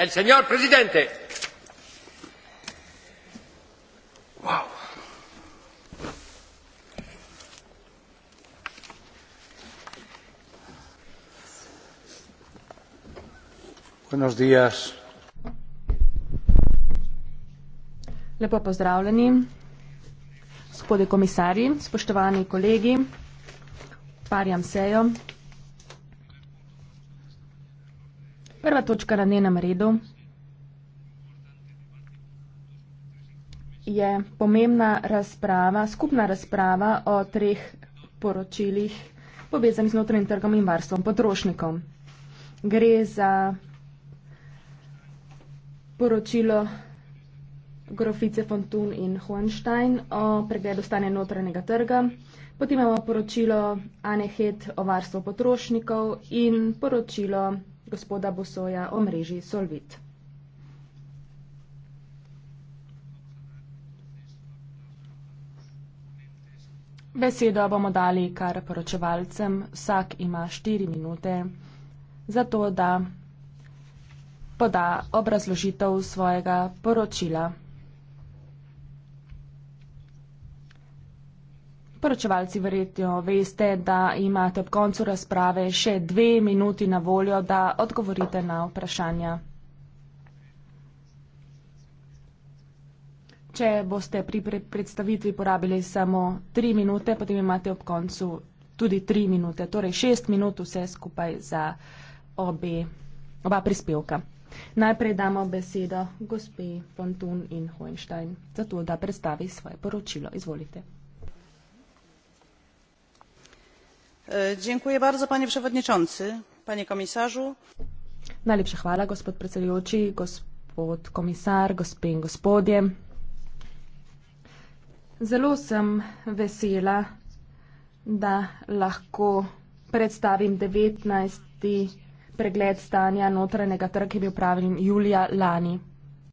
El señor presidente. Wow. Buenos días. Lepo pozdravljeni, gospode komisarji, spoštovani kolegi, parjam sejo. Prva točka na njenem redu je pomembna razprava, skupna razprava o treh poročilih povezanih z notranjim trgom in varstvom potrošnikov. Gre za poročilo Grofice Fontun in Hohenstein o pregledu stanja notranjega trga. Potem imamo poročilo Anehet o varstvu potrošnikov in poročilo gospoda Bosoja o mreži Solvit. Besedo bomo dali kar poročevalcem, vsak ima štiri minute, zato da poda obrazložitev svojega poročila. Poročevalci verjetno veste, da imate ob koncu razprave še dve minuti na voljo, da odgovorite na vprašanja. Če boste pri predstavitvi porabili samo tri minute, potem imate ob koncu tudi tri minute, torej šest minut vse skupaj za obe, oba prispevka. Najprej damo besedo gospe Fontun in Hoenstein, zato da predstavi svoje poročilo. Izvolite. E, panie przewodniczący panie komisarzu najlepsza hvala gospod predsedujoči gospod komisar gospe in gospodje zelo sem vesela da lahko predstavim devetnajsti pregled stanja notranjega trga ki je bil opravljen julija lani